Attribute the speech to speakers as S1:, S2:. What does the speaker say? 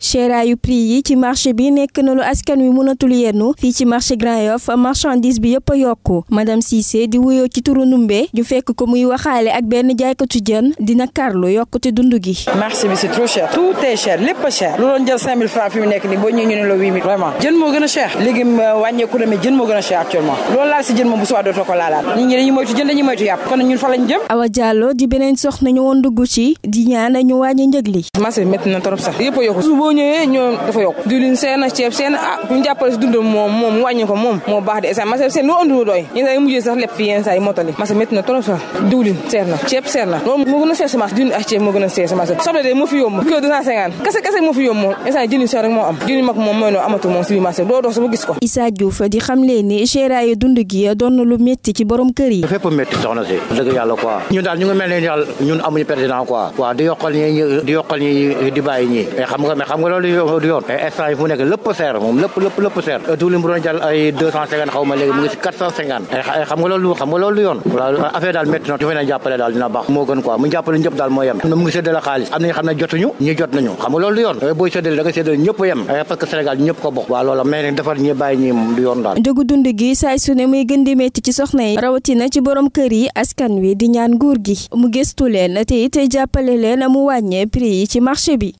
S1: chéeraayu prix yi ci marché bi nekk na lu askan wi mënatul yennu fii ci marché Grand Yoff marchandise bi yëpp a yokku madame Cissé di wuyoo ci turu Ndumbe ñu fekk ko muy waxaale ak benn jaaykatu jën dina karlu yokkute dund gi. marché bi c'est trop a
S2: cher lu doon jël 5000 francs fi mu nekk nii boo ñëwee ñu ne la 8000 vraiment jën moo gën a cher léegi euh, wàññeeku na mais jën moo gën a cher actuellement loolu laal si jën moom bu subaa dootoo ko laalaat nit ñi dañuy moytu
S1: jën dañuy moytu yàpp kon ñu woon dugg ci di ñaan ñu wàññi njëg li
S3: boo ñëwee ñoom yokk diwlin seen ceeb seen ah ku ñu jàppale si dundam moom moom mu moom baax de esan marché seen loo
S1: am jëliñ mag moom mooy noo amatu moom si biir marché doo dox gis ko Issa Diouf di xamle ni seeraayu dund gi doon na lu ci borom kër yi fépp
S4: métti soxna si dëgg yàlla quoi ñun daal ñu ngi mel ne daal ñun amuñu président quoi di yokkal ñi di yokkal ñi di bàyyi ñi xam nga loolu yow du yoon fu nekk lépp seer moom lépp lépp seer euh, diwlin bu doon jàll ay 250 ma léegi mu ngi si 450 eh, eh, xam daal métti jàppale daal dina baax moo gën quoi mu jàppale ñëpp moo yem mu ngi séddale xaalis am nañu xam ne jotuñu ñi jot nañu xam loolu du yoon eh, booy séddale da nga séddale ñëpp yem parce que Sénégal ñëpp ko bokk waaw loolu mais nag defar ñi bàyyi ñi moom du yoon daal dugg
S1: dund gi saay su ne muy gën di métti ci soxna yi rawatina ci borom kër yi askan wi